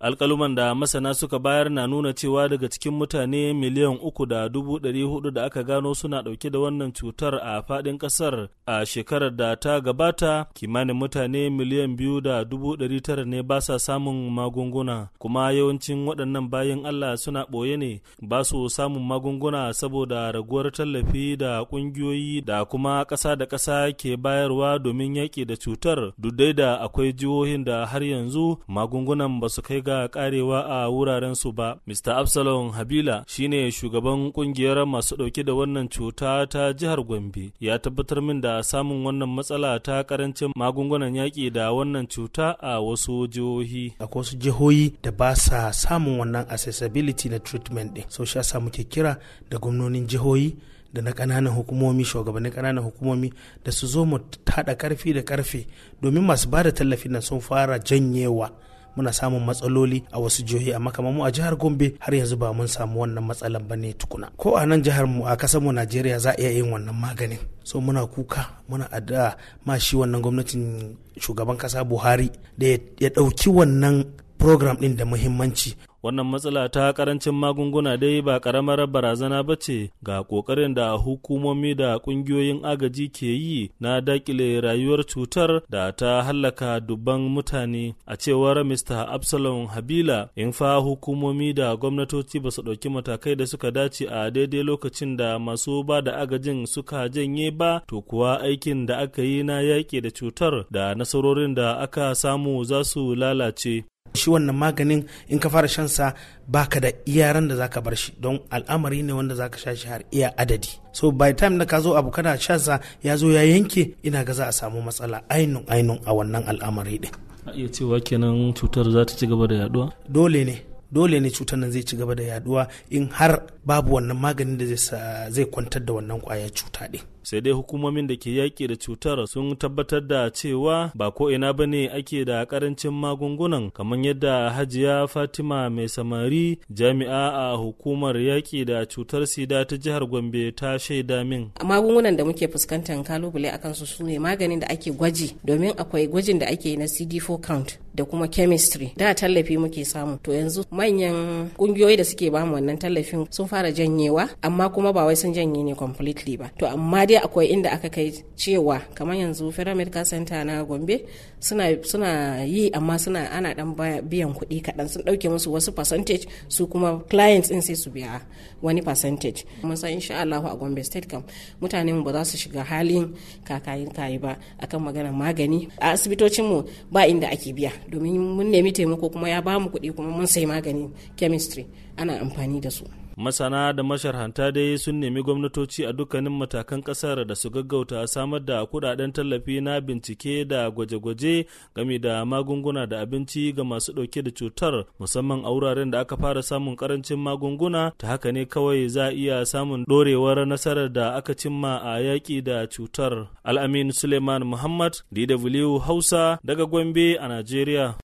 alkaluman da masana suka bayar na nuna cewa daga cikin mutane miliyan uku da dubu ɗari hudu da aka gano suna ɗauke da wannan cutar a faɗin ƙasar a shekarar da ta gabata kimanin mutane miliyan biyu da dubu ɗari tara ne ba sa samun magunguna kuma yawancin waɗannan bayan allah suna ɓoye ne ba su samun magunguna saboda raguwar tallafi da ƙungiyoyi da kuma ƙasa da ƙasa ke bayarwa domin yaƙi da cutar duk da akwai jihohin da har yanzu magungunan ba su kai ga karewa a wuraren su ba. Mr. Absalom Habila shine shugaban kungiyar masu dauke da wannan cuta ta jihar Gombe ya tabbatar min da samun wannan matsala ta karancin magungunan yaki da wannan cuta a wasu jihohi. A wasu jihohi da ba sa samun wannan accessibility na treatment din. So shi samu ke kira da gwamnonin jihohi da na ƙananan hukumomi shugabannin kananan hukumomi da su zo mu taɗa ƙarfi da ƙarfe domin masu ba da tallafin nan sun fara janyewa muna samun matsaloli a wasu jihohi amma kamar mu a jihar Gombe har yanzu ba mun samu wannan matsalan ba ne tukuna ko a nan jihar mu a kasar mu Najeriya za a iya yin wannan maganin so muna kuka muna addu'a ma shi wannan gwamnatin shugaban kasa Buhari da ya ɗauki wannan program ɗin da muhimmanci wannan matsala ta karancin magunguna dai ba karamar barazana ba ce ga kokarin da hukumomi da kungiyoyin agaji ke yi na dakile rayuwar cutar da ta hallaka dubban mutane a cewar mr absalom habila in fa hukumomi da gwamnatoci ba su ɗauki matakai da suka dace a daidai lokacin da masu ba da agajin suka janye ba to kuwa aikin da aka yi na yaƙi da cutar da nasarorin da aka samu za su lalace shi wannan maganin in ka fara shansa baka da iyaran da zaka bar shi don al'amari ne wanda za ka sha shi har iya adadi so by time da ka zo abu kana shansa ya zo ya yanke ina ga za a samu matsala ainun ainun a wannan al'amari din a iya cewa kenan cutar za ta ci gaba da yaduwa dole ne dole ne cutar nan zai ci gaba da yaduwa in har babu wannan maganin da zai kwantar da wannan kwayar cuta din sai dai hukumomin da ke yaƙi da cutar sun tabbatar da cewa ba ko ina ba ne ake da ƙarancin magungunan kamar yadda hajiya fatima mai samari jami'a a hukumar yaƙi da cutar sida ta jihar gombe ta shaida min magungunan da muke fuskantar kalubale akan su sune maganin da ake gwaji domin akwai gwajin da ake na cd4 count da kuma chemistry da tallafi muke samu to yanzu manyan kungiyoyi da suke bamu wannan tallafin sun fara janyewa amma kuma ba wai sun janye ne completely ba to amma dai akwai inda aka kai cewa kamar yanzu federal medical center na gombe suna, yi amma suna ana dan biyan kuɗi kaɗan sun ɗauke musu wasu percentage su kuma clients in sai su biya wani percentage Musa insha Allah a gombe state kam mutane mu ba za su shiga halin kakayi kayi ba akan magana magani a asibitocin mu ba inda ake biya domin mun nemi taimako kuma ya ba mu kuɗi kuma mun sai magani chemistry ana amfani da su masana da masharhanta dai sun nemi gwamnatoci a dukkanin matakan kasar da su gaggauta samar da kudaden tallafi na bincike da gwaje-gwaje game da magunguna da abinci ga masu dauke da cutar musamman a wuraren da aka fara samun karancin magunguna ta haka ne kawai za a iya samun dorewar nasarar da aka cimma a yaƙi da cutar al'amin suleiman muhammad dw hausa daga gombe a najeriya